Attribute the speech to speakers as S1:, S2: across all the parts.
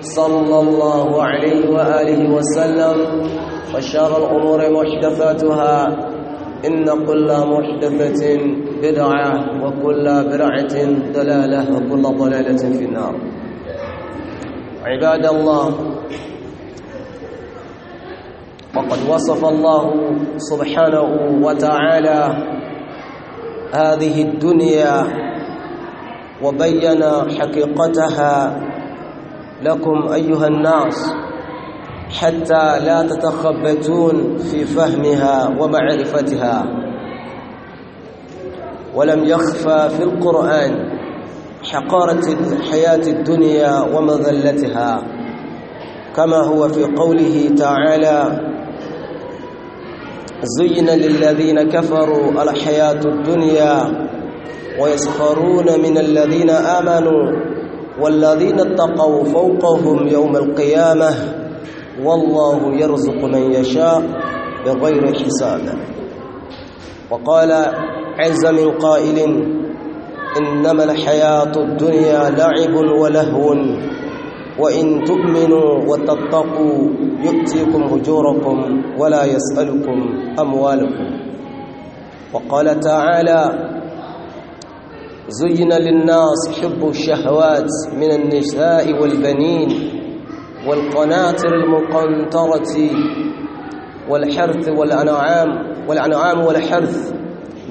S1: صلى الله عليه وآله وسلم وشار الأمور محدثاتها إن كل محدثة بدعة وكل برعة ضلالة وكل ضلالة في النار عباد الله وقد وصف الله سبحانه وتعالى هذه الدنيا وبين حقيقتها لكم أيها الناس حتى لا تتخبتون في فهمها ومعرفتها ولم يخفى في القرآن حقارة الحياة الدنيا ومذلتها كما هو في قوله تعالى زين للذين كفروا الحياة الدنيا ويسخرون من الذين آمنوا والذين اتقوا فوقهم يوم القيامة والله يرزق من يشاء بغير حساب وقال عز من قائل إنما الحياة الدنيا لعب ولهو وإن تؤمنوا وتتقوا يؤتيكم أجوركم ولا يسألكم أموالكم وقال تعالى زين للناس حب الشهوات من النساء والبنين والقناطر المقنطرة والحرث والأنعام والأنعام والحرث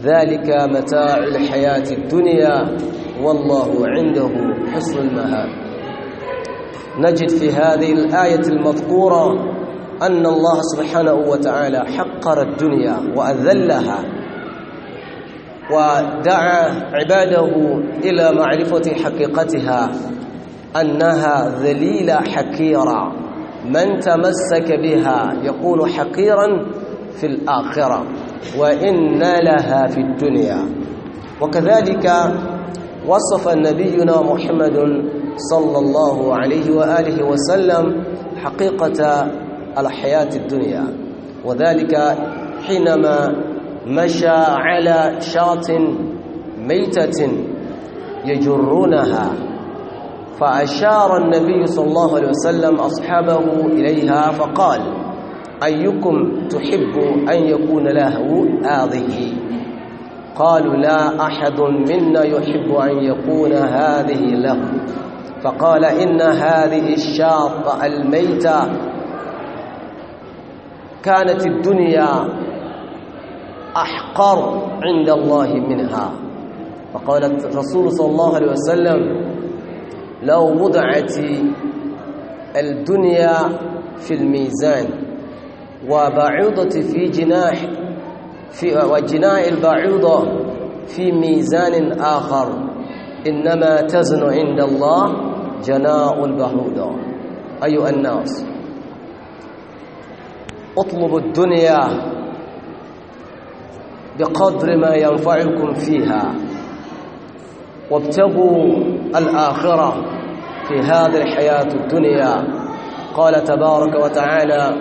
S1: ذلك متاع الحياة الدنيا والله عنده حسن المهاب نجد في هذه الآية المذكورة أن الله سبحانه وتعالى حقر الدنيا وأذلها ودعا عباده إلى معرفة حقيقتها أنها ذليلة حقيرة من تمسك بها يكون حقيرا في الآخرة وإن لها في الدنيا وكذلك وصف نبينا محمد صلى الله عليه وآله وسلم حقيقة الحياة الدنيا وذلك حينما مشى على شاة ميتة يجرونها فأشار النبي صلى الله عليه وسلم أصحابه إليها فقال أيكم تحب أن يكون له هذه قالوا لا أحد منا يحب أن يكون هذه له فقال إن هذه الشاط الميتة كانت الدنيا أحقر عند الله منها فقال الرسول صلى الله عليه وسلم لو وضعت الدنيا في الميزان وبعوضة في جناح في وجناء البعوضة في ميزان آخر إنما تزن عند الله جناء البهودة أيها الناس اطلبوا الدنيا بقدر ما ينفعكم فيها وابتغوا الآخرة في هذه الحياة الدنيا قال تبارك وتعالى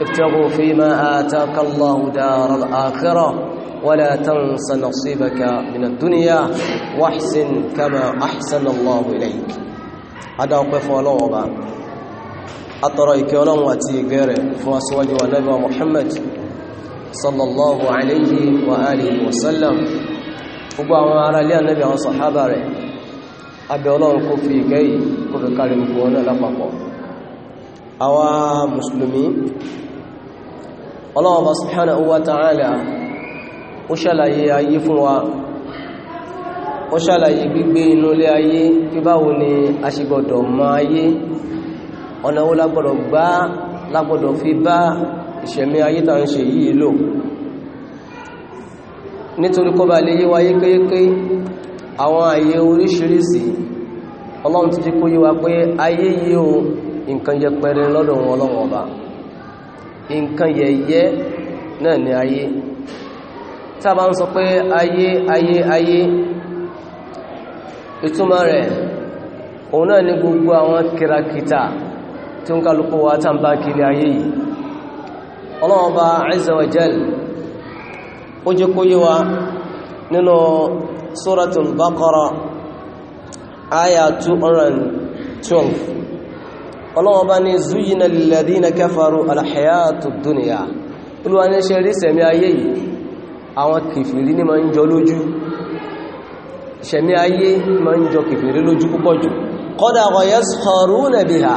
S1: ابتغوا فيما آتاك الله دار الآخرة ولا تنس نصيبك من الدنيا واحسن كما أحسن الله إليك هذا وقف الله أترى إكيولون وأتي غيره فواسواجه النبي محمد sallallahu alayhi wa alihi wa sallam gbogbo àwọn ará ilé ànábì àwọn sàhábà rẹ̀ abẹ́ ọlọ́run kó fi kó fi gbogbo lápapọ̀ ọlọ́run bá ó ṣàlàyé ayé fún wa ni a ṣe mọ ayé ìṣẹ̀mí ayé tà ń ṣe yìí lò nítorí kó bá lè yíwa yékéyéké àwọn ayé oríṣiríṣi ọlọ́run ti jí kó yíwa pé ayé yìí o nǹkan yẹpẹrẹ lọ́dọ̀ wọn ọlọ́run ọba nǹkan yẹ̀yẹ́ náà ni ayé tí a bá ń sọ pé ayé ayé ayé ìtumọ̀ rẹ̀ òun náà ni gbogbo àwọn kìràkìtà tí ó ń kálukú wa tàbí ayé yìí ọlọ́ọ̀bá azza wa jal ó jẹ́ kó yé wa nínú suratul baqara aya 212 ọlọ́ọ̀bá ni zuyina lilladhina kafaru alhayatu duniya olúwa ní ṣe rí sẹ̀mí ayé yìí àwọn kìfìrí ní ma ń jọ lójú sẹ̀mí ayé ma ń jọ kìfìrí lójú púpọ̀ jù kọ́dà wa yaskharuna biha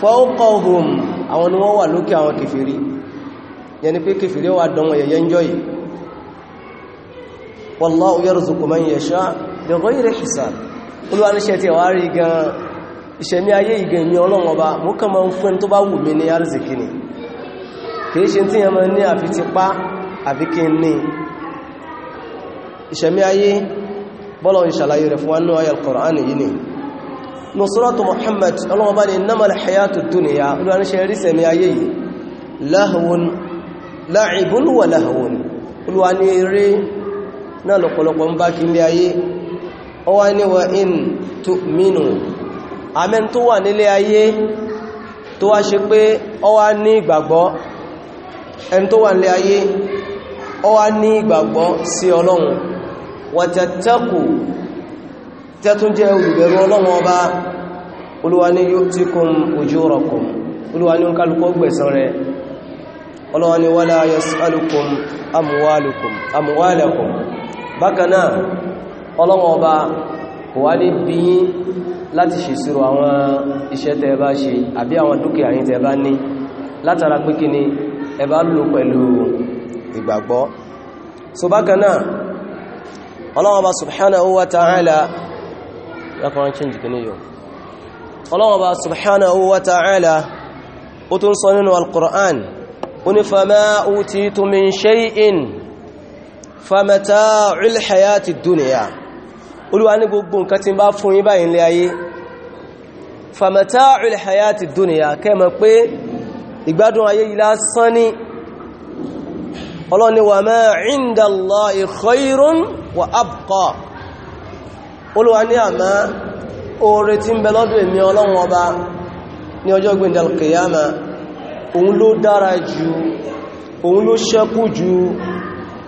S1: fọ́ọ̀kọ̀ọ̀hùn àwọn ni wọ́n wà lókè àwọn kèfèrí yẹni pé kèfèrí wà dánwò yẹyẹ ń jọ yìí wallahu yarzuqu man yasha bighayri hisab olúwa níṣẹ́ tí wà rí gan iṣẹ́ ní ayé ìgẹ̀ mi ọlọ́wọ́ bá mú kàn máa ń fún tó bá wù mí ní arziki tí yẹmọ ayé bọ́lọ̀ ìṣàlàyé rẹ̀ fún wa nínú ayé al-Qur'an ni nusratu muhammad ọlọ́wọ́ bá ní innamal hayatu dunya olúwa ní ṣe rí sẹ̀mí ayé yìí wa olúwa ní náà ń bá kí wa in tó wà nílé ayé tó wá ṣe pé ní ẹn tó wà nílé ayé ní ìgbàgbọ́ tí a tún jẹ́ olùbẹ̀rù ọlọ́wọ́ ọba olúwa ní yu'tikum ujurakum olúwa ní kálùkọ́ gbẹ̀san rẹ̀ ọlọ́wọ́ ní wala yas'alukum amwalukum amwalakum bákan ọlọ́wọ́ ọba wà ní bíyín láti ṣèṣirò àwọn iṣẹ́ tẹ́ bá ṣe àbí àwọn dúkìá yín bá ní látara so ta'ala ya kọ́ran change kìíní yóò ọlọ́wọ́ bá subhanahu wa ta'ala ó tún sọ nínú al-Qur'an ó ní fama utitu min shay'in famata'ul hayati dunya olúwa ní gbogbo nǹkan tí bá fún yín báyìí lé ayé famata'ul ọlọ́ni wa ma 'inda Allahi khayrun wa abqa olúwa ní àmá oore tí ń bẹ lọ́dọ̀ èmi ọlọ́run ọba ní ọjọ́ gbìndàl kìyàmà òun ló dára jù òun ló ṣẹ́kù jù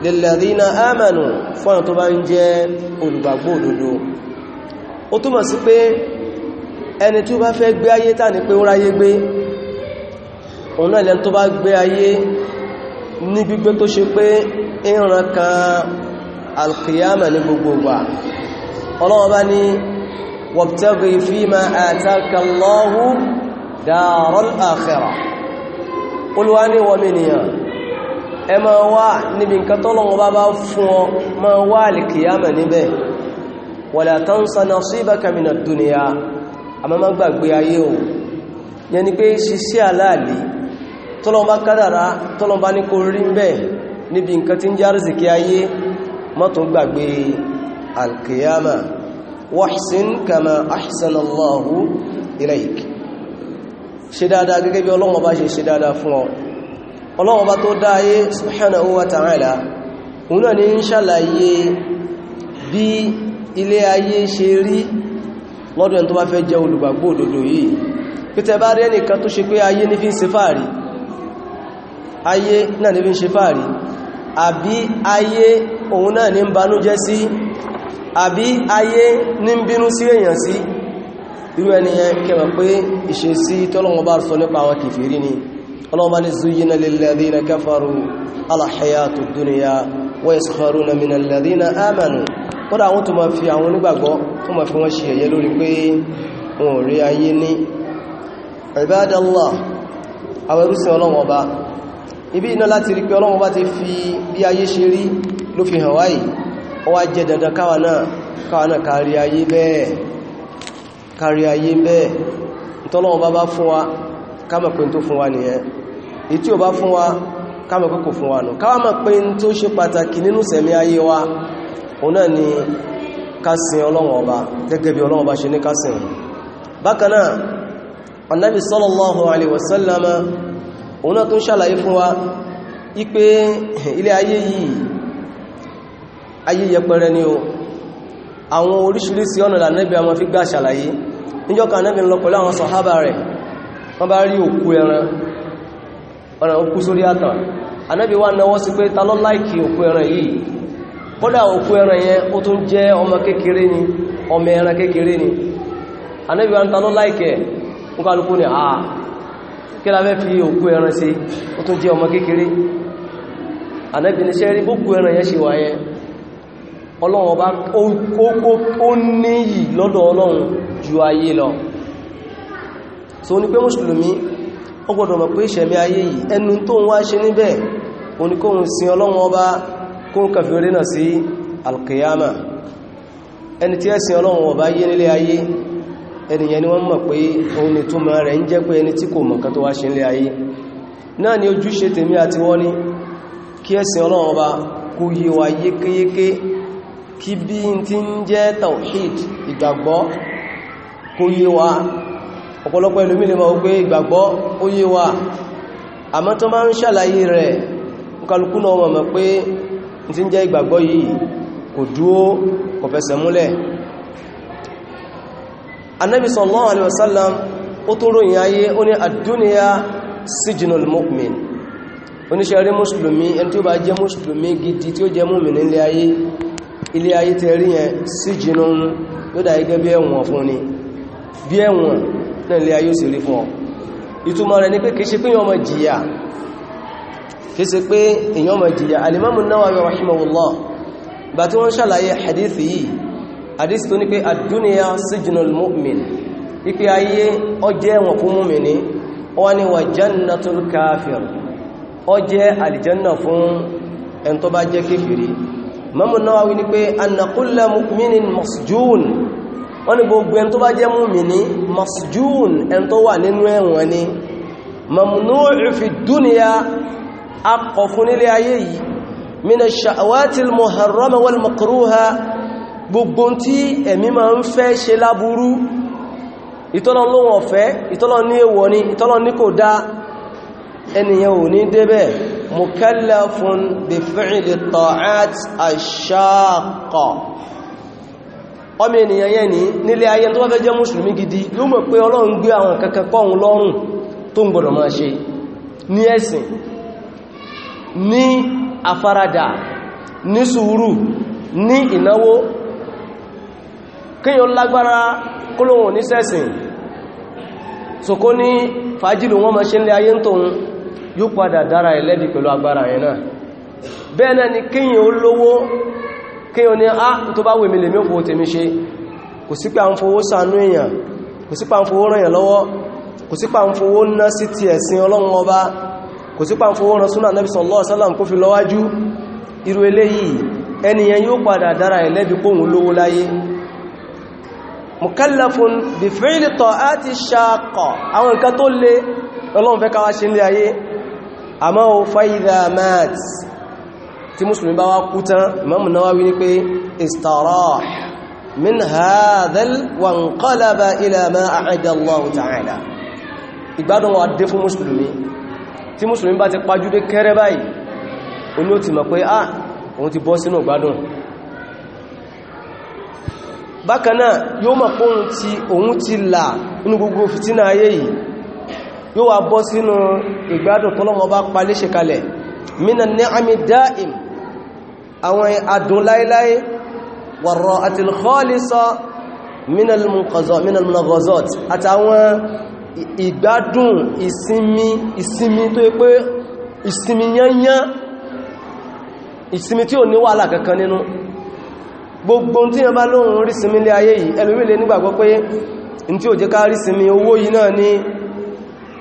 S1: lilladhina amanu fọ́nà tó bá ń jẹ́ olùgbàgbọ́ òdodo ó túmọ̀ sí pé ẹni tí ó bá fẹ́ gbé ayé tà ní pé ó ráyé gbé òun náà lẹ́n tó bá gbé ayé ní gbígbé tó ṣe pé ìrànkan alkiyama ní gbogbo ọlọ́wọ́ bá ní wabtaghi fima ataka Allahu daral akhirah olúwa ní wọmìnìyàn ẹ ma wá níbi nǹkan tọ́lọ́wọ́ bá bá fún ọ ma wá alìkìyàmà níbẹ̀ wala tansa nasibaka mina dunya àmọ́ má gbàgbé ayé o yẹn ni pé ṣiṣẹ́ aláàlì tọ́lọ́mbá kádàrá tọ́lọ́mbá ní kò rí alkiyama wahsin kama ahsanallahu ilaik ṣe dáadáa gẹ́gẹ́ bí ọlọ́wọ́ bá ṣe ṣe dáadáa fún ọ ọlọ́wọ́ bá tó dáayé subhanahu wa ta'ala òun náà ni ń ṣàlàyé bí ilé ayé ṣe rí lọ́dọ̀ ẹni tó bá fẹ́ jẹ́ olùgbàgbọ́ òdodo yìí pítẹ bá rí òun náà ní ń banújẹ́ sí àbí ayé ní ń bínú sí èèyàn sí irú ẹniyàn kẹmọ̀ pé ìṣesí tọ́lọ́wọ́ bá sọ nípa àwọn kìfìrí ni ọlọ́wọ́ ni zuyina lilladhina kafaru alhayatu dunya wa yaskharuna min alladhina amanu kódà àwọn tó ma fi àwọn onígbàgbọ́ tó ma fi wọ́n ṣe ẹ̀yẹ lórí pé wọn ò rí wá jẹ́ dandan káwa náà káwa náà kárí ayé bẹ́ẹ̀ kárí ayé bẹ́ẹ̀ ìtọ́lọ́wọ́ bá bá fún wa kámọ̀ pé tó fún wa nìyẹn ìtí ò bá fún wa kámọ̀ kò fún wa nù pé ṣe pàtàkì nínú sẹ̀mí ayé wa òun náà ni kásìn ọlọ́wọ́ ọba gẹ́gẹ́ bí ọba ṣe ní kásìn ilé ayé yìí ayé yẹpẹrẹ ni o àwọn oríṣiríṣi ọ̀nà lànẹ́bí a ma fi gbà ṣàlàyé níjọ́ka anẹ́bí lọ pẹ̀lú àwọn sọ̀hábà rẹ̀ wọ́n bá rí òkú ẹran ọ̀nà òkú sórí àtàn anẹ́bí wá náwọ́ sí pé ta ló láìkì òkú ẹran yìí kódà ni ọmọ ẹran kékeré ni anẹ́bí wá ń ta ló láìkẹ̀ ń kálukú ni àà ọlọ́run bá ó níyì lọ́dọ̀ ọlọ́run ju ayé lọ so ní pé mùsùlùmí ó gbọ́dọ̀ mọ̀ pé ìṣẹ̀mí ayé yìí ẹnu tó ń wá ṣe níbẹ̀ oníkóhun ọba kó ń kàfí orí náà sí alkiyama ẹni tí ọba yé nílé ayé ni wọ́n mọ̀ pé rẹ̀ ń jẹ́ pé ẹni tí kò mọ̀ tó wá ṣe nílé ayé náà ni ojúṣe tèmi ọba yékéyéké kí bí n ti ń jẹ́ tawhid ìgbàgbọ́ kó yé wa ọ̀pọ̀lọpọ̀ ìlú mílẹ̀ máa gbé ìgbàgbọ́ ó yé wa àmọ́ tó máa ń ṣàlàyé rẹ̀ kálukú náà mọ̀ pé n ti ń jẹ́ ìgbàgbọ́ yìí kò dúó kò fẹsẹ̀ múlẹ̀ oníṣẹ́rí mùsùlùmí ẹni tí ó bá jẹ́ mùsùlùmí gidi tí ó jẹ́ mùmìnì ilé ayé ilé ayé tẹ rí yẹn sí jìnà ń ló dá igẹ́ bí ẹ̀wọ̀n fún ni bí ẹ̀wọ̀n náà ilé ayé ó sì rí fún ọ ìtumọ̀ rẹ̀ ni pé kìí ṣe pé yọmọ jìyà kìí ṣe pé ìyọmọ jìyà alimamu Nawawi rahimahullah bá tí wọ́n ṣàlàyé hadithi yìí hadithi tó ní pé ad-dunya sijnul mu'min ipe ayé ó jẹ́ ẹ̀wọ̀n fún mùmìnì wọ́n ni wà jannatul kafir ó jẹ́ àlìjánà fún ẹn tó bá jẹ́ kéfìrí Imamu Nawawi ní pé annakulla mu'minin masjún wọ́n ní gbogbo ẹn tó bá jẹ́ mu'mini masjún ẹn tó wà nínú ẹ̀wọ̀n ni mamnu'u fi dúnìyà akọ̀ fún nílé ayé yìí mina sha'awatil muharrama wal makruha gbogbo tí ẹ̀mí ma ń fẹ́ ṣe láburú ìtọ́lọ lóhun ní èwọ̀ ni ìtọ́lọ ní kò dá ẹniyàn ò ní débẹ̀ mukallafun bi fi'li ta'at ash-shaqqa ọmọ ènìyàn yẹn ní nílé ayé tó wá fẹ́ jẹ́ mùsùlùmí gidi ló mọ̀ pé ọlọ́run gbé àwọn kankan kọ́hun lọ́rùn tó ń gbọdọ̀ máa ṣe ní ẹ̀sìn ní afárádà ní sùúrù ní ìnáwó kíyàn lágbára kólóhùn ní sẹ́sìn so kó ní fàájìlò wọn máa ṣe nílé ayé tóhun yóò padà dára ẹlẹ́dì pẹ̀lú agbára yẹn náà bẹ́ẹ̀ náà ni kíyàn ó lówó kíyàn ní á ah, tó bá wèmí lè mẹ́fò tèmi ṣe kò sí pé à ń fowó ṣàánú èèyàn kò sí pé à ń fowó ràn yàn lọ́wọ́ kò sí pé à ń fowó ná sí ti ẹ̀sìn ọlọ́run ọba ta'ati shaqqa àwọn nǹkan tó le ọlọ́run fẹ́ káwá ṣe ń ayé àmọ́ o fa'idha mat tí musulmi bá wá kú tán imamu Nawawi ní pé istarah min hadhal wa nqalaba ila ma a'adda Allahu ta'ala ìgbádùn wa dé fún musulmi tí musulmi bá ti pàjúdé kẹrẹ báyìí olú ti mọ̀ pé ah òun ti mọ̀ pé yóò wà bọ́ sínú ìgbádùn tọ́lọ́mọ bá palé ṣe kalẹ̀ mina ni'ami da'im àwọn adùn láíláí wàrọ̀ àti ìkọ́ọ̀lẹ́sọ minal munagazot àtàwọn ìgbádùn ìsinmi ìsinmi tó yẹ pé ìsinmi yányán ìsinmi tí ò ní wàhálà kankan nínú gbogbo tí yẹn bá lóhun rí sinmi lé ayé yìí ẹlòmílẹ̀ nígbàgbọ́ pé ní tí ò jẹ́ ká rí sinmi owó yìí náà ni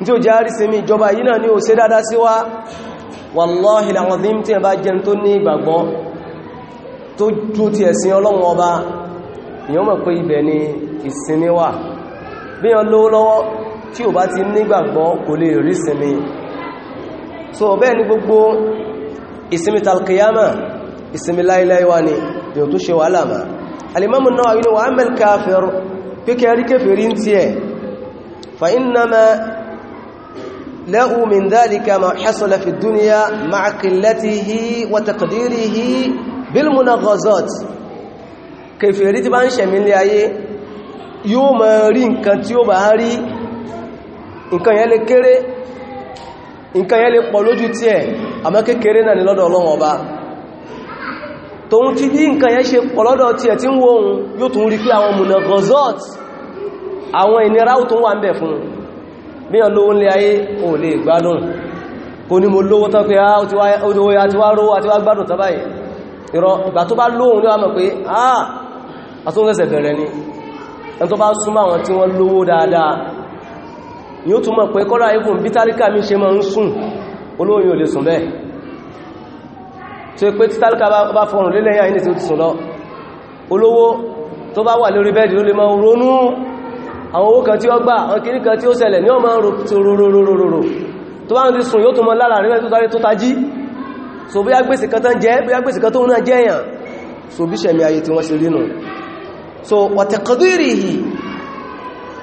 S1: tí ó járí sí mi ìjọba yìí náà ní ó ṣe dáadáa sí wá wallahi alazim tí ẹ bá jẹun tó ní ìgbàgbọ́ tó jú ti ẹ̀sìn ọlọ́run ọba èyàn mọ̀ pé ibẹ̀ ni ìsinmi wà bí yàn lówó lọ́wọ́ tí ò bá ti nígbàgbọ́ kò lè rí sinmi so bẹ́ẹ̀ ni gbogbo ìsinmi talqiyama ìsinmi láíláí ni èyàn tó ṣe wàhálà fa innama له من ذلك ما حصل في الدنيا مع قلته وتقديره بالمناغزات kèfèrí tí bá ń ṣẹ̀mí ilé ayé yóò mọ̀ rí nǹkan tí ó bá rí nǹkan yẹn lè kéré nǹkan yẹn lè pọ̀ lójú tí ẹ̀ àmọ́ kékeré náà ni lọ́dọ̀ Ọlọ́run Ọba tóun ti bí nǹkan yẹn ṣe pọ̀ lọ́dọ̀ tí ẹ̀ tí ń wo ohun yóò tún rí pé àwọn munagozot àwọn ìnira ó tún wà ń bẹ̀ fún un bí ọ lówó nílé ayé o lè gbádùn kò ní mo lówó tán pé ah, a ti wá rówó àti wá gbádùn tán báyìí ìrọ ìgbà tó bá lóhun ní wá mọ̀ pé ah àtúnfẹ́sẹ̀ bẹ̀rẹ̀ ni ẹn tó bá súnmọ́ àwọn tí wọ́n lówó dáadáa yóò túnmọ̀ pé kọ́lá ikùn bí tálíkà mi ṣe máa ń sùn olóyìn ò lè sùn bẹ́ẹ̀ tí ó pé tí tálíkà bá fọrùn lélẹ́yìn àyíní tí ó àwọn owó kan tí ó gbà ọkìní kan tí ó ṣẹlẹ̀ ní ọmọ rororororo tó bá ń rí sùn yóò tó mọ́ lára rẹ̀ tó tàrí tó tají so bí agbèsè kan tán jẹ́ bí agbèsè kan tó ń jẹ́ èyàn so bí sẹ̀mí ayé tí wọ́n ṣe rí nù so wàtẹ̀kọ́dúrì yìí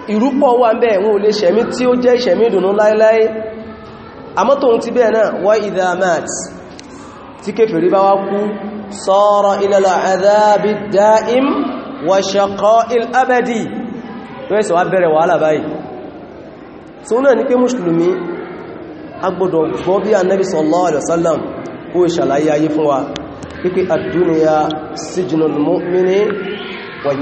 S1: ìrúpọ̀ wà ń ló ẹ̀sọ̀ wá bẹ̀rẹ̀ wàhálà báyìí so náà ní pé mùsùlùmí agbọ́dọ̀ gbọ́ bí annabi sallallahu alaihi wasallam kó ìṣàlàyé ayé fún wa pípé ad-dunya sijnul mu'mini wa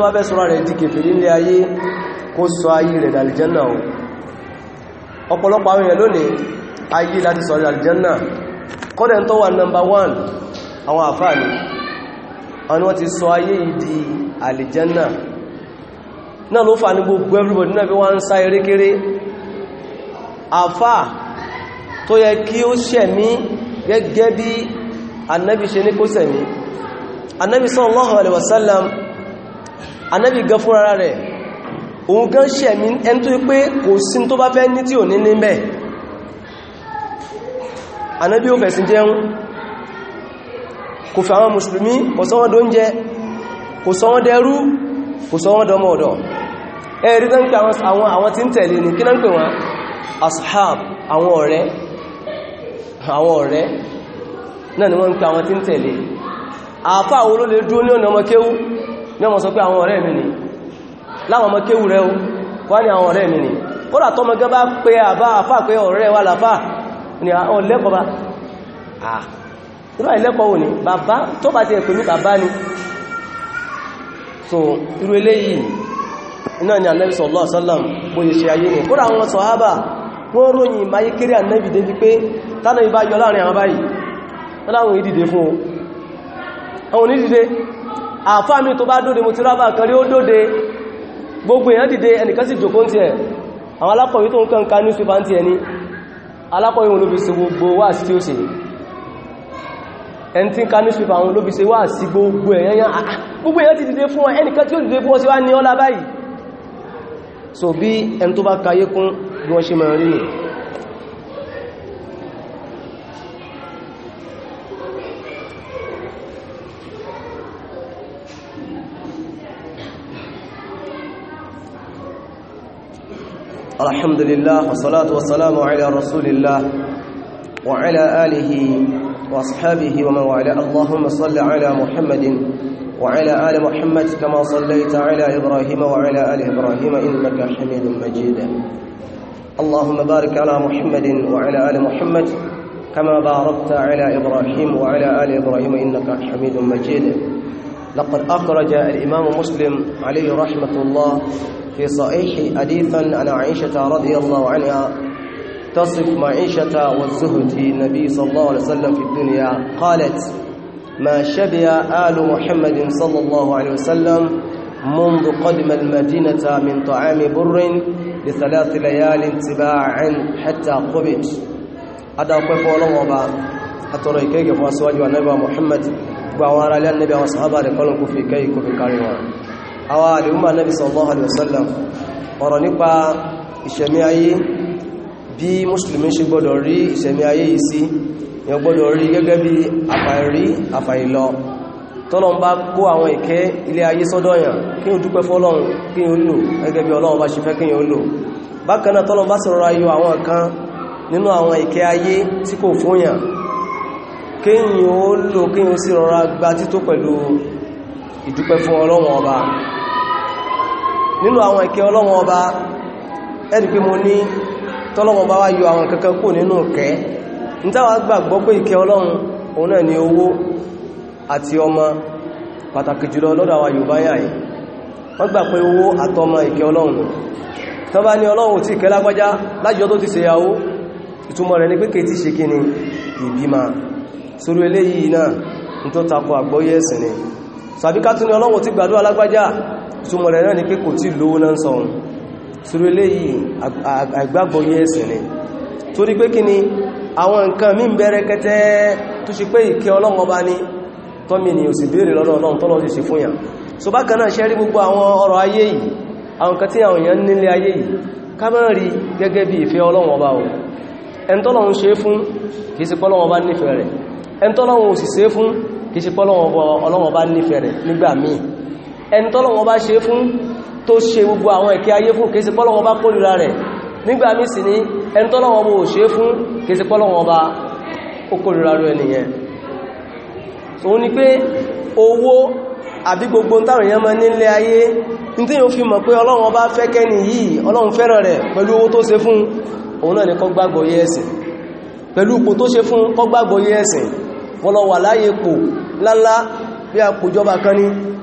S1: wá bẹ́ sọ́rọ̀ rẹ̀ di kèfèrí ní ayé kó sọ ayé rẹ̀ dàlìjánà ọ̀pọ̀lọpọ̀ àwọn èèyàn lónìí ayé láti sọ̀rọ̀ àlìjánà kọ́dẹ̀ tó wà nọmbà 1 àwọn àfáàní wọn ti sọ ayé ìdí àlìjẹ́nà náà ló fà ní gbogbo everybody náà bí wọ́n ń sá erékeré àfá tó yẹ kí ó sẹ̀mí gẹ́gẹ́ bí annabi ṣe ní kó sẹ̀mí annabi sallallahu alaihi wasallam annabi gan fúnra rẹ̀ òun gan sẹ̀mí ẹni tó pé kò sí tó bá fẹ́ ní tí ò ní anábí ò fẹ̀sìn jẹun kò fẹ́ àwọn mùsùlùmí kò sọ wọ́n dóúnjẹ kò sọ wọ́n dẹrú kò sọ wọ́n dọmọ ọ̀dọ̀ ẹ̀rí tán pé àwọn àwọn tí ń tẹ̀lé ní kí náà ń pè wọ́n ashab àwọn ọ̀rẹ́ náà ni wọ́n ń pè àwọn tí ń tẹ̀lé ni láwọn ọmọkéwú rẹ̀ wá ní àwọn ọ̀rẹ́ mi ni kódà tọ́mọ gẹ́ ni àwọn ah, lẹ́kọ̀ọ́ bá àà ah. irú àìlẹ́kọ̀ọ́ wò ní bàbá tó bá ti ẹ̀kọ́ ní bàbá ni so irú eléyìí iná ni Ànábì sallallahu alaihi wasallam bó ṣe ayé ní kódà àwọn sọ̀hábà wọ́n ròyìn máyé kéré Ànábì débi pé tánà ibá yọ láàrin àwọn báyìí wọ́n láwọn ìdìde fún àwọn onídìde àfáàmì tó bá dóde mo ti rábà kan rí ó dóde gbogbo èèyàn dìde ẹnìkan sì jòkó ń tiẹ̀ àwọn alákọ̀wé tó ń kàn ká newspaper ń tiẹ̀ alákọ̀ọ́ ìwọ̀n ló fi ṣe gbogbo wà sí ó sì ẹni tí ń ka newspaper àwọn ló fi ṣe wà sí gbogbo ẹ̀yẹn gbogbo èyàn ti dìde fún ọ ẹnìkan tí ó dìde fún ọ sí wá ní ọlá báyìí so bí ẹni tó bá kayé kún bí wọ́n ṣe mọ̀ rí nìí الحمد لله والصلاة والسلام على رسول الله وعلى آله وأصحابه ومن والاه اللهم صل على محمد وعلى آل محمد كما صليت على إبراهيم وعلى آل إبراهيم إنك حميد مجيد اللهم بارك على محمد وعلى آل محمد كما باركت على إبراهيم وعلى آل إبراهيم إنك حميد مجيد لقد أخرج الإمام مسلم عليه رحمة الله في صحيح حديثا عن عائشة رضي الله عنها تصف معيشة والزهد النبي صلى الله عليه وسلم في الدنيا قالت ما شبع آل محمد صلى الله عليه وسلم منذ قدم المدينة من طعام بر لثلاث ليال تباعا حتى قبت هذا أقف الله وبا حتى رأيكيك فأسواج والنبي محمد وعوارى النبي وأصحابه لقلنك في كيك في كاريوان àwọn àdìmúmà náà sallallahu alaihi wasallam ọ̀rọ̀ nípa ìṣẹ̀mí ayé bí mùsùlùmí ṣe gbọ́dọ̀ rí ìṣẹ̀mí ayé yìí sí ni ó gbọ́dọ̀ rí gẹ́gẹ́ bí àfàìrí àfàìlọ tọ́lọ́n bá kó àwọn ìkẹ́ ilé ayé sọ́dọ̀yàn kí o dúpẹ́ fọ́lọ́run kí o lò gẹ́gẹ́ bí ọlọ́run bá ṣe fẹ́ kí o lò bákan náà tọ́lọ́n ìdúpẹ́ fún ọlọ́run ọba nínú àwọn ìkẹ́ ọlọ́wọ́ ọba ẹ̀rì pé mo ní tọ́lọ́wọ́ ọba wá yọ àwọn kankan kò nínú ìkẹ́ ní táwọn gbàgbọ́ pé ìkẹ́ ọlọ́run òun náà ni owó àti ọmọ pàtàkì jùlọ lọ́dọ̀ àwọn Yorùbá pé owó ti eléyìí náà ní tó takọ àgbọ́yé ẹ̀sìn ni sàbíkátún ni ọlọ́run tí súnmọ̀ rẹ̀ náà ni pé kò tí lówó náà sọun sórí eléyìí àgbàgbọ́ yẹ́ ẹ̀sìn ni torí pé kí ni àwọn nǹkan mí bẹ̀rẹ̀ kẹtẹ́ tó ṣe pé ìkẹ́ ọlọ́run ọba ni tọ́mì ni ò sì béèrè lọ́nà ọlọ́run tọ́lọ́ sì ṣe fún yàn so bákan náà ṣe rí gbogbo àwọn ọrọ̀ ayé ẹni tọ́lọ̀wọ́ bá ṣe fún tó ṣe gbogbo àwọn ìkẹ́ ayé fún kèsì pọ́lọ̀wọ́ bá kólúra rẹ̀ nígbà mí sí ní ẹni tọ́lọ̀wọ́ bó ṣe fún kèsì pọ́lọ̀wọ́ bá kólúra rẹ̀ nìyẹn so ní pé owó àbí gbogbo táwọn èèyàn máa nílé ayé ní tí yóò fi mọ̀ pé ọlọ́run bá fẹ́ kẹ́ni yìí ọlọ́run fẹ́ràn rẹ̀ pẹ̀lú owó tó ṣe fún òun kan ní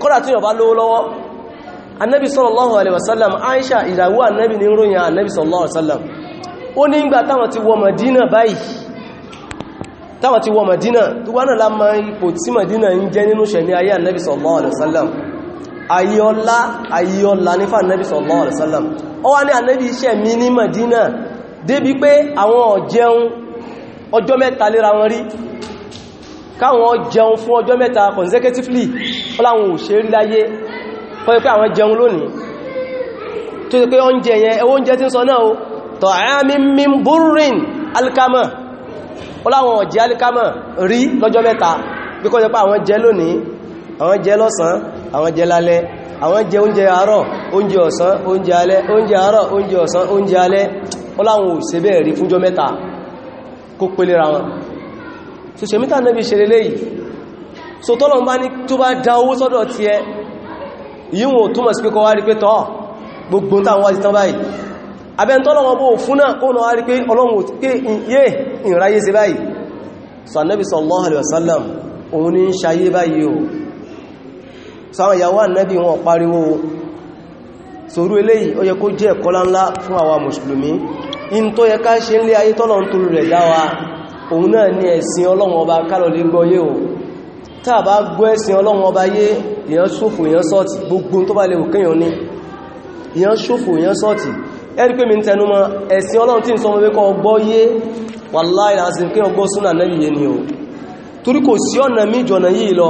S1: kọ́lá tí yọba lówó lọ́wọ́ annabi sallallahu alaihi wasallam aisha ìyàwó annabi ní ròyìn annabi sallallahu alaihi wasallam ó ní ìgbà táwọn ti wọ madina báyìí táwọn ti wọ madina tó wá náà lámà ipò tí madina ń jẹ́ nínú ṣẹ̀mí ayé annabi sallallahu alaihi wasallam ayọ́lá ayọ́lá nífà annabi sallallahu alaihi wasallam ó wá ní annabi ṣẹ̀mí ní madina débi pé àwọn ọ̀jẹun ọjọ́ mẹ́ta léra wọn rí káwọn jẹun fún ọjọ́ mẹ́ta consecutively ọláwọn ò ṣe rí láyé fọ́yẹ́ pé àwọn jẹun lónìí tó ṣe pé oúnjẹ yẹn ẹwọ́ oúnjẹ tí ń sọ náà o tọ̀hámi min burrin alkama ọláwọn ọ̀jẹ́ alkama rí lọ́jọ́ mẹ́ta bí kọ́ jẹ pé àwọn jẹ lónìí àwọn jẹ lọ́sàn àwọn jẹ lálẹ́ àwọn jẹ oúnjẹ àárọ̀ oúnjẹ ọ̀sán oúnjẹ alẹ́ oúnjẹ àárọ̀ oúnjẹ ọ̀sán oúnjẹ alẹ́ ọláwọn ò ṣe bẹ́ẹ̀ rí fúnjọ́ mẹ́ta kó pélé ra wọn so ṣe mítà nẹ́bí ṣe lélé yìí so tọ́lọ̀ bá ní tó bá dá owó sọ́dọ̀ ti ẹ yíwọ̀n túnmọ̀ sí pẹ́kọ́ wá rí pé tọ́ gbogbo táwọn wájí sallallahu alaihi wasallam òun ní ń ṣayé báyìí o so àwọn ìyàwó annabi wọn pariwo sorú eléyìí ó yẹ kó jẹ́ ẹ̀kọ́ láńlá fún àwa mùsùlùmí in tó yẹ ká ṣe ń lé ayé tọ́lọ̀ ń torú rẹ̀ dáwàá òun náà ní ẹ̀sìn ọlọ́run ọba kálọ̀ lè gbọ́ yé o táà bá gbọ́ ẹ̀sìn ọlọ́run ọba yé èyàn ṣòfò èyàn sọ́ọ̀tì gbogbo tó bá lè wù kéèyàn ní èyàn ṣòfò èyàn sọ́ọ̀tì ẹ̀rí pé mi ń tẹnu mọ́ ẹ̀sìn ọlọ́run tí ń sọ wípé kọ́ gbọ́ yé wàláì lásìn kéèyàn gbọ́ súnà nẹ́bì yé ni o torí kò sí ọ̀nà mí jọ̀nà yìí lọ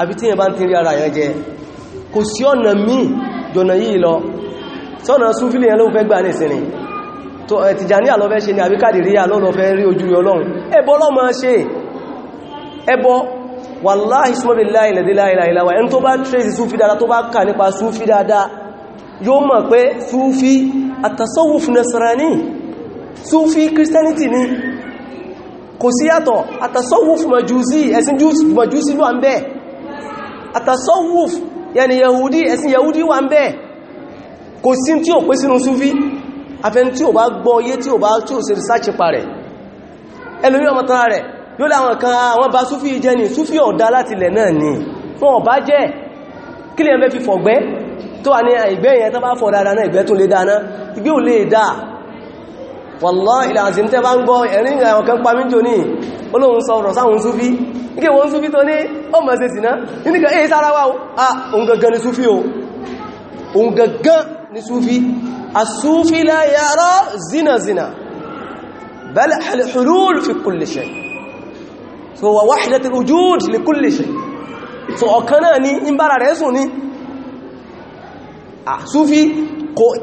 S1: àbí tí yẹn bá ń tin rí ara yẹn jẹ kò sí ọ̀nà mí jọ̀nà yìí lọ tí ọ̀nà tó eh, Tìjàní àlọ́fẹ́ ṣe ni àbí Kàdìríyà àlọ́lọ́fẹ́ rí ojú Ọlọ́run ẹbọ lọ́mọ ṣe ẹbọ wàláhì sọ́bìláì lẹ́dẹ́láìláìláwà ẹni tó bá tracy súfí dáadáa tó bá kà nípa súfí dáadáa yóò mọ̀ pé súfí àtàsọ́wùf nasarani súfí christianity ni kò sí yàtọ̀ àtàsọ́wùf majúsí ẹ̀sìn majúsí wà ń bẹ àtàsọ́wùf yàní yahudi ẹ̀sìn yahudi wà ń bẹ kò sí tí ò pé sínú súfí afẹ́ni tí ò bá gbọ́ yé tí ò bá tí ò sí research pa rẹ̀ ẹlòmí ọmọ tán rẹ̀ yóò láwọn kan àwọn bá súfí jẹ́ ni súfí ọ̀dá láti lẹ̀ náà ni fún ọ̀bá jẹ́ kí lè ẹ̀mẹ́ fi fọ̀gbẹ́ tó wà ní ìgbẹ́ yẹn tó bá fọ̀ dáadáa náà ìgbẹ́ tó lè dáná ìgbẹ́ ò ah, ni súfí الصوفي لا يرى زنا زنا بل الحلول في كل شيء فهو وحدة الوجود لكل شيء فأكنا ني إمبارا رسوني صوفي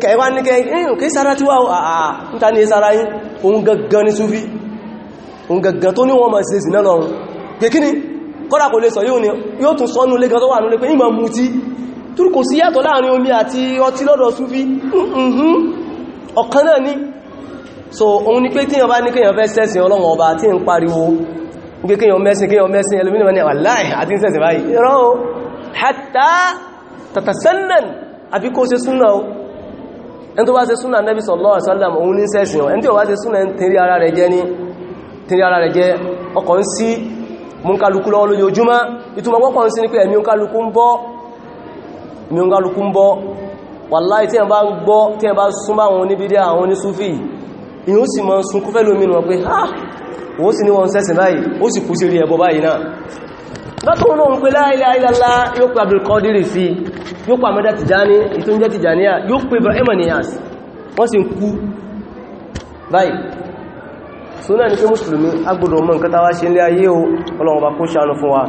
S1: kẹwàá ní ah, kẹwàá eh, kí sára tí wà àà ń ta ní sára yí oun gangan ní súfí oun gangan tó ní wọ́n ma ṣe sí náà lọ́run pé kí ni kọ́dà kò lè sọ yóò tún sọ́nú lé gan tó wà ní lé pé ìmọ̀ mú tí torí kò sí yàtọ̀ láàrin omi àti ọtí lọ́dọ̀ súfí mm-hmm. ọ̀kan náà ni so òun ni pé tíyàn bá ní kíyàn fẹ́ sẹ́sìn ọlọ́wọ̀n ọba tí ń pariwo ní kíyàn mẹ́sìn kíyàn mẹ́sìn ẹlòmínà ní àwàláì àti sẹ́sìn báyìí rọ́ hátà tàtàsẹ́nàn àbí kó sallallahu alaihi wasallam òun ní sẹ́sìn ọ ẹni tí ó bá ṣe súnà ń tẹ́rí ara rẹ̀ jẹ́ ní tẹ́rí ara rẹ̀ ọkọ̀ ń sí mú kálukú lọ́wọ́ lójoojúmọ́ ìtumọ̀ pọ́pọ̀ ń sí ní pé ẹ̀mí kálukú ń bọ́ ní ọgbàlùkú ń bọ́ wàláì tí ẹ bá ń gbọ́ tí ẹ bá súnmọ́ àwọn oníbídí àwọn onísúfì ìyún sì mọ́ sunkú fẹ́lú mi wọn pé ha ó sì ní wọn sẹ́sìn báyìí ó sì kú sí rí ẹbọ báyìí náà látún lóhun pé la ilaha illallah yóò pè Abdulkadiri Tijani ìtún jẹ́ Tijaniya yóò pè Ibrahim Niyas wọ́n sì ń kú ni pé mùsùlùmí agbọ́dọ̀ mọ̀ nǹkan táwa ṣe ń ayé o Ọlọ́run bá kó ṣàánú fún wa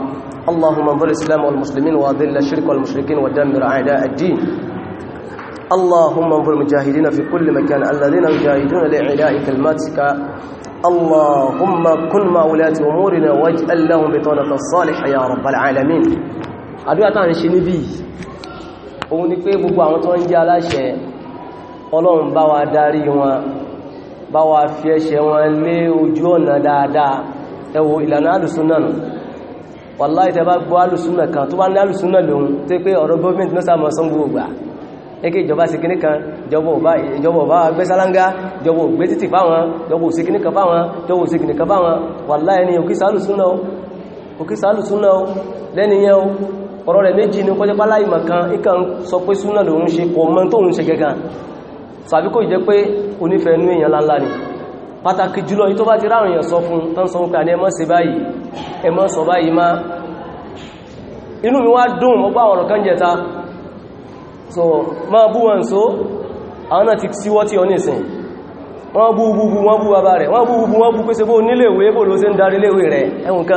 S1: اللهم انظر الإسلام والمسلمين وأذل الشرك والمشركين ودمر أعداء الدين اللهم انظر المجاهدين في كل مكان الذين يجاهدون لإعدائك الماتك اللهم كن ما ولاة أمورنا واجعل لهم بطانة الصالحة يا رب العالمين àdúrà tá à ń ṣe níbí òun ni pé ọlọ́run bá wa darí wọn bá wa fi ẹsẹ̀ wọn lé ojú ọ̀nà dáadáa ẹ ìlànà àdùsùn náà wàlá ìtẹ́bá gbọ́ alùsúnà kan tó bá ní alùsúnà lòun tó pé ọ̀rọ̀ gọ́ọ̀mẹ́ntì náà sàmọ̀ sán gbogbo gbà eke ìjọba sí kíní kan ìjọba ọba agbẹ́sálángá ìjọba ògbé títì fáwọn ìjọba òsí kíní kan fáwọn ìjọba òsí kíní kan fáwọn wàlá ẹni òkísà alùsúnà ó lẹ́niyàn ó ọ̀rọ̀ rẹ̀ méjì ní kọjẹ́ pálá ìmọ̀ kan ikàn sọ pé súnà lòun ṣe kọ̀ mọ́ tóun ṣe gẹ́gàn sàbíkò ìjẹ́ pé onífẹ̀ẹ́nú èèyàn láńlá pàtàkì jùlọ yìí tó bá ti ráwọn èèyàn sọ fún tán sọ pé àní ẹmọ́ báyìí ẹmọ́ sọ báyìí má inú mi wá dùn ọgbà ọ̀rọ̀ kan jẹta so ma bú wọn so àwọn náà ti síwọ́ tí ọ nìsìn wọ́n bú búbú wọ́n bú bàbá rẹ̀ wọ́n bú búbú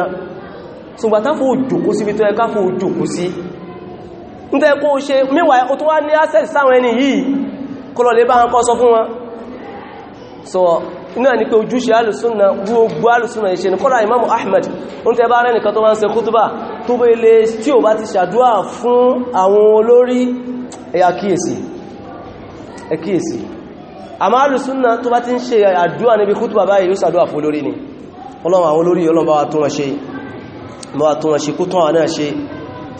S1: kan so náà ni pé ojúṣe alùsúnnà gbogbo alùsúnnà ìṣe ní kọ́lá imamu ahmed oúnjẹ bá rẹ̀ nìkan tó bá ń ṣe kútúbà tó bá ilé tí ó bá ti ṣàdúwà fún àwọn olórí ẹ̀yà kíyèsí àmá alùsúnnà tó bá ṣe ni ọlọ́run àwọn olórí ọlọ́run bá wa tún wọn ṣe kó tán wa náà ṣe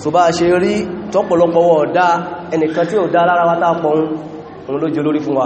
S1: so bá ṣe rí tọ́pọ̀lọpọ̀ wọ̀ ọ̀dá ẹnìkan tí ò dá lára wátá pọ̀ ló jẹ olórí fún wa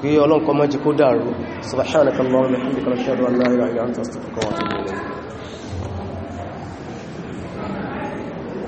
S1: kí ọlọ́nkọ́ mọ́jí kó dàrú subhanakallahumma wa bihamdika ashhadu an la ilaha illa anta astaghfiruka wa